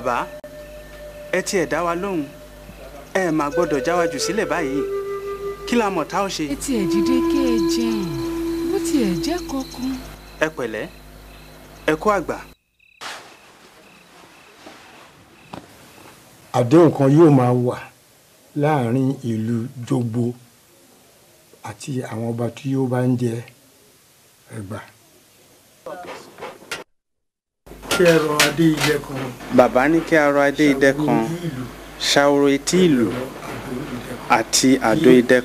bàbá ẹ tiẹ̀ dá wa lóhùn ẹ má gbọ́dọ̀ já wa jù sílẹ̀ báyìí kí la mọ̀ tá ó ṣe. ẹ tiẹ̀ dìde kí ẹ jẹun bó tiẹ̀ jẹ́ kankan. ẹ pẹ̀lẹ́ ẹ kú àgbà. àdéhùn kan yóò máa wà láàrin ìlú jogbo àti àwọn ọba tí yóò bá ń jẹ Ẹ̀gbá kí ẹ rọ adé idẹ kan. bàbá ní kí ẹ rọ adé idẹ kan etí ìlú àti àdó idẹ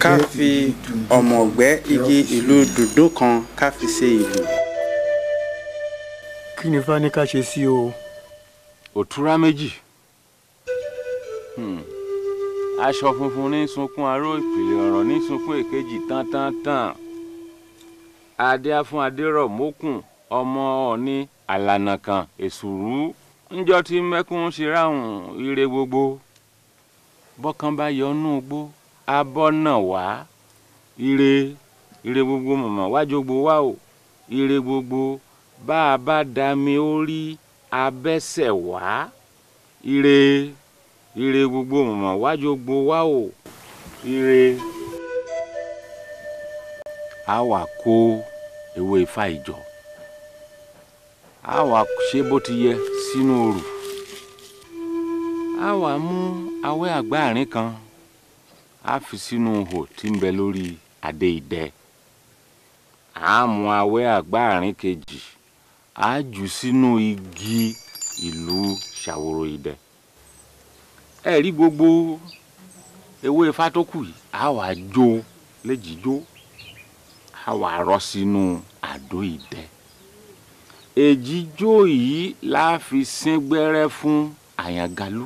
ká fi ọ̀mọ̀gbẹ́ igi ìlú dùndún kan ká fi ṣe ìlú. kí ni fani ṣe sí o. òtúrá méjì hmm. aṣọ funfun ní sunkún aró ìpìlẹ̀ ọ̀ràn ní sunkún èkejì tán tán tán adé á adé rọ̀ mókùn ọmọ ọ̀ni àlànà kan èsùrú ńjọ tí mẹ́kún ṣe ráhùn ire gbogbo bọ́kàn bá yọnú gbó abọ́ náà wá ire ire gbogbo mọ̀mọ́ wájogbo wá o ire gbogbo bá a bá dami ó rí abẹ́sẹ̀ wá ire ire gbogbo mọ̀mọ́ wájogbo wá o ire a wà kó ewé ifá ìjọ. E a wà ṣe bó ti yẹ sínú òrù a wà mú awẹ́ àgbáàrín kan a fi sínú ihò tí ń bẹ lórí adé idẹ a mú awẹ́ àgbáàrín kejì a jù sínú igi ìlú ṣàwòrò idẹ ẹ rí gbogbo ewé fatoku tó kù yìí a wà jó léjìjó a wà rọ sínú àdó idẹ èjìjó yìí la fi sín gbẹ́rẹ́ fún àyàngalú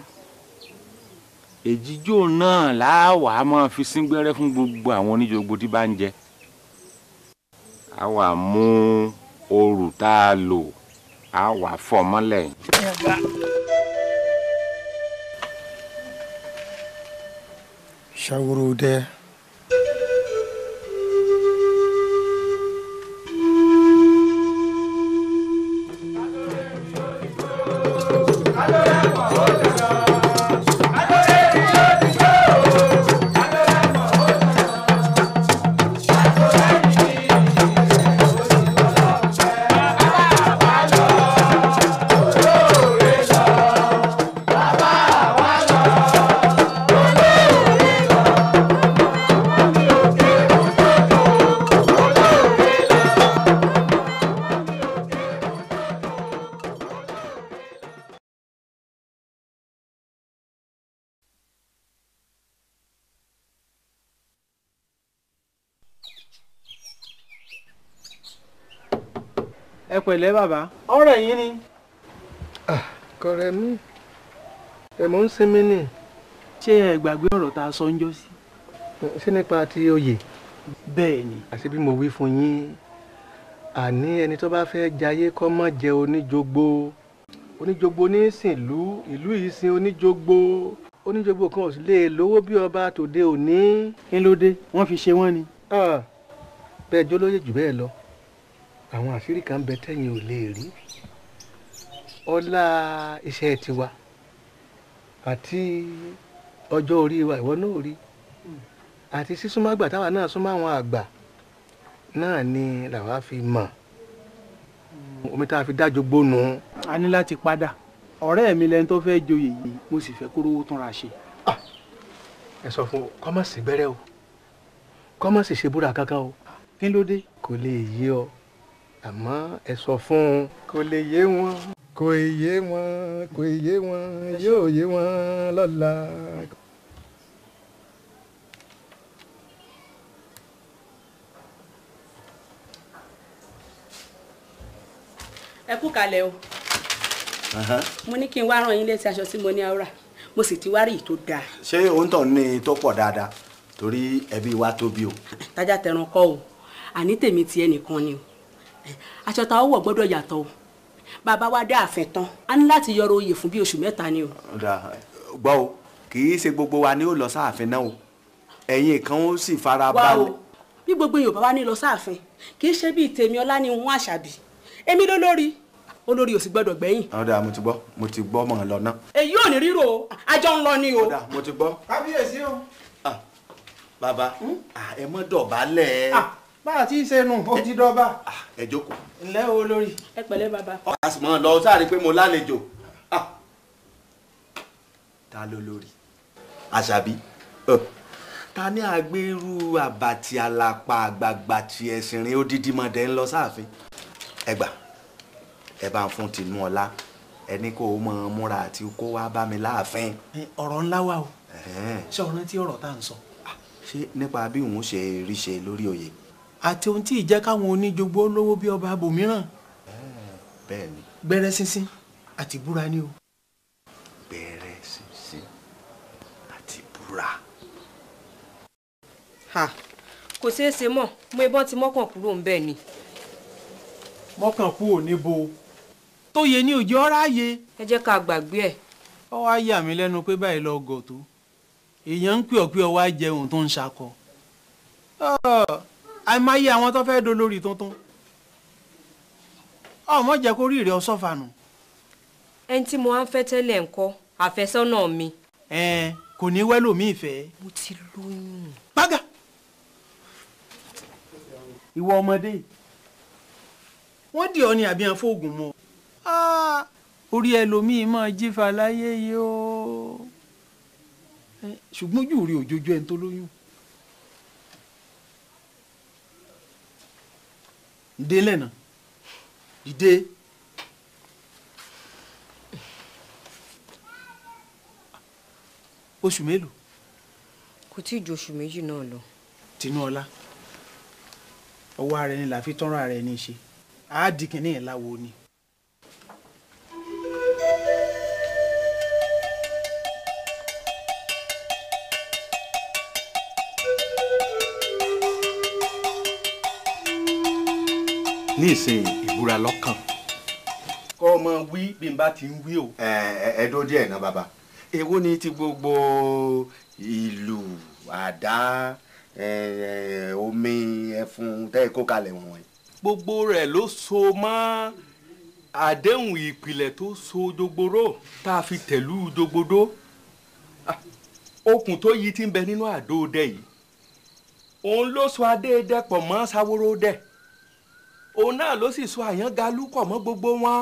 èjìjó náà la wà á máa fi sín gbẹ́rẹ́ fún gbogbo àwọn oníjogbo tí bá ń jẹ a wà mú òrù tá a lò a wà fọ́ mọ́lẹ̀. ṣàwòrò dẹ́. ẹ pẹ̀lẹ́ bàbá ọ̀rọ̀ yín ni. Ah, kọ̀rẹ́ mi ẹ̀mọ́ ń sinmi ni. ṣé ẹ gbàgbé ọ̀rọ̀ tá a sọ ń jọ sí. ṣé nípa ti oyè. bẹ́ẹ̀ ni. àṣé bí mo wí fún yín àní ẹni tó bá fẹ́ jayé kó má jẹ oníjogbo oníjogbo ní sìnlú ìlú yìí sin oníjogbo oníjogbo kan ò sì lè lówó bí ọba tòde òní. kí ló dé wọ́n fi ṣe wọ́n ni. Ah, bẹ́ẹ̀ jólóyè jù bẹ́ẹ̀ lọ àwọn àṣírí kan bẹ tẹ́yìn ò lè rí ọlá iṣẹ́ tiwa àti ọjọ́ orí wa ìwọ náà rí àti sísúnmọ́ àgbà táwa náà súnmọ́ àwọn àgbà náà ni làwa fi mọ̀ omi tá a fi dájú gbónu. a ní láti padà ọ̀rẹ́ mi lẹni tó fẹ́ẹ́ joyè yìí mo sì fẹ́ kóró túnra ṣe. ẹ sọ fún kọ́mọ̀sì bẹ̀rẹ̀ o kọ́mọ̀sì ṣe búra kankan o. kí ló dé. kò lè yé ọ àmọ́ ẹ sọ fún un kò lè yé wọn kò yé wọn kò yé wọn yóò yé wọn lọ́la. ẹ kú kalẹ̀ o mo ní kí n wá rán yín létí aṣọ tí mo ní àwòrán mo sì ti wá rí ìtò dáa. ṣé òǹtọ̀ ní tó pọ̀ dáadáa torí ẹbí wa tóbi o. tájà tẹran kọ́ o àní tèmi ti ẹnìkan ni o aṣọ tá a wọ̀ gbọ́dọ̀ yàtọ̀ o bàbá wa dá àfẹ́ tán a ní láti yọrọ oyè fún bí oṣù mẹ́ta ni o. gbọ́ o kì í ṣe gbogbo wa ni ó lọ sáàfin náà o ẹ̀yin kan ó sì fara balẹ̀. bí gbogbo yorùbá wa ní lọ sáàfin kì í ṣe bíi tèmi ọlá ni wọn àṣàbí èmi ló lórí olórí ò sì gbọ́dọ̀ gbẹ̀yìn. ọ̀dà mo ti gbọ́ mo ti gbọ́ mọ̀ ọ́n lọ náà. èyí ò ní ríro o àjọ ń lọ ni o. ọ̀dà mo ti gbọ́. kábíyèsí o. Ah, bàbá hmm? ẹ mọ́ dọ̀bálẹ̀. Ah, bá a ti ṣe nù ó ti dọ́ba. Ah, ẹ jókòó. ǹlẹ́ o lórí. ẹ pẹ̀lẹ́ bàbá. ọ̀gá sì mọ̀ lọ sáré pé mo lálejò. Ah. ta ló lórí. àṣàbí ta ní agbẹ́rú àbàtì àlàpà àgbààgbà ti ẹ̀sìn rìn odidi mọ̀dẹ́ ń lọ sáàfin. ẹ gbà ẹ bá ń fún tinú ọlá ẹni kò mọ múra àti kó wá bá mi láàfin. ọ̀rọ̀ ńlá wa o ṣé ọ̀rọ̀ tí ọ̀rọ̀ tá à ń sọ. Ah, ṣé nípa bí òun ṣe ríṣe lórí oyè àti ohun tí ìjẹ́ káwọn oníjogbo lówó bí ọba abòmíràn. bẹ́ẹ̀ni. gbẹrẹ sínsín àti búra ni o. gbẹrẹ sínsín àti búra. kò ṣeé ṣe mọ̀ mo ìbọn ti mọ́kàn kúrò ń bẹ̀ ni. mọ́kàn kúrò níbo tó yẹ ní òjò ọ̀rá yẹ. ẹ jẹ́ ká gbàgbé ẹ̀. ó wá yà mí lẹ́nu pé báyìí lọ gọ̀ tó èèyàn ń pè ọ́ pé ọ wá jẹun tó ń ṣakọ àìmáyé àwọn tó fẹ́ẹ́ dolórí tuntun ọmọ jẹ́ kó rí ìrẹ́ ọsọ́ fanu. ẹni tí mo á ń fẹ́ tẹ́lẹ̀ ńkọ́ àfẹ́sọ́nà mi. ẹ kò ní wẹ́lò mí ìfẹ́. mo ti lóyún. gbága ìwọ ọmọdé wọ́n dì ọ́ ní àbí àwọn fóògùn ah, mọ́ orí ẹlòmíì máa jífa láyé yìí ó ṣùgbọ́n ojú rí òjòjú ẹni tó lóyún. dìde lẹ́nà dìde. oṣù mélòó. kò tí ì ju oṣù méjì náà lọ. tinúọlá ọwọ́ ara ẹni làá fi tọ́rọ̀ ara ẹni ṣe àádìkínní ẹ̀ láwo ni. Ola, ní ìsìn ìbúra lọ́kàn. kọ́ ọmọ wí bí n bá ti ń wí o. ẹ ẹ dó díẹ̀ náà bàbá èwo ni ti gbogbo ìlú àdá omi ẹfun tẹ́ kó kalẹ̀ wọ̀nyí. gbogbo rẹ̀ ló so mọ́ àdéhùn ìpìlẹ̀ tó so jogboró tá a fi tẹ̀lú jogbodo okùn tó yí ti ń bẹ nínú àdó dẹ yìí òun ló so adé dẹ pọ̀ mọ́ sáwóró dẹ òun náà ló sì so àyàngalú pọ̀ mọ́ gbogbo wọn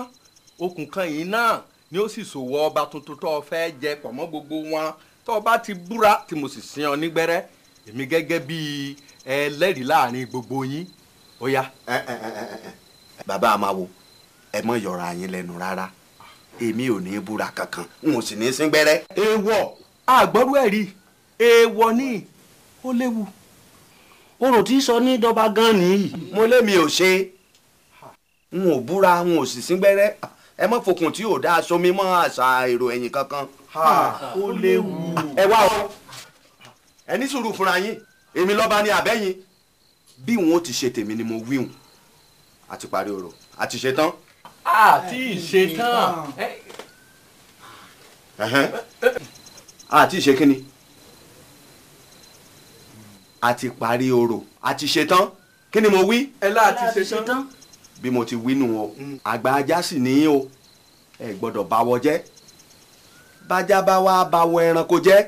okùn kan yìí náà ni ó sì sòwọ́ ọba tuntun tó o fẹ́ jẹ pọ̀ mọ́ gbogbo wọn tó o bá ti búra tí mo sì sin ọ nígbẹ́rẹ́ èmi gẹ́gẹ́ bíi ẹlẹ́rìí láàrin gbogbo yín ó yá. bàbá amáwo ẹ mọ yọra yín lẹ́nu rárá èmi ò ní í búra kankan n ò sì ní í sín gbẹ́rẹ́. èèwọ̀ àgbọ̀rú ẹ̀rí èèwọ̀ ni ó léwu. orò tí sọ ní dọba gan nìyí. mo lé mi ò ṣe é n ò búra n ò sì síngbẹ́rẹ́ ẹ mọ́ fokùn tí ò dáa sọmi mọ́ àṣà èrò ẹ̀yìn kankan. ó léwu. ẹ wá o ẹ ní sùúrù fúnra yín èmi lọ́ba ní àbẹ́yìn bí wọn ò ti ṣe tèmi ni mo wíhùn àti parí ọ̀rọ̀ àti ṣetán. àti ṣetán. àti ṣe kínni àti parí ọ̀rọ̀ àti ṣetán kí ni mo wí. ẹ láti ṣetán bí mo ti wínú o àgbà ajá sì ní o ẹ gbọ́dọ̀ báwọ jẹ́ bájá bá wá báwọ ẹranko jẹ́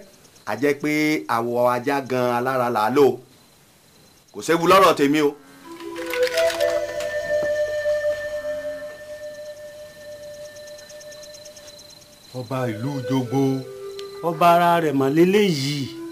a jẹ́ pé àwọ ajá gan alára là á lò kò séwu lọ́rọ̀ tèmi o. ọba ìlú jogbo ọba ara rẹ̀ mà lélẹ́yìí.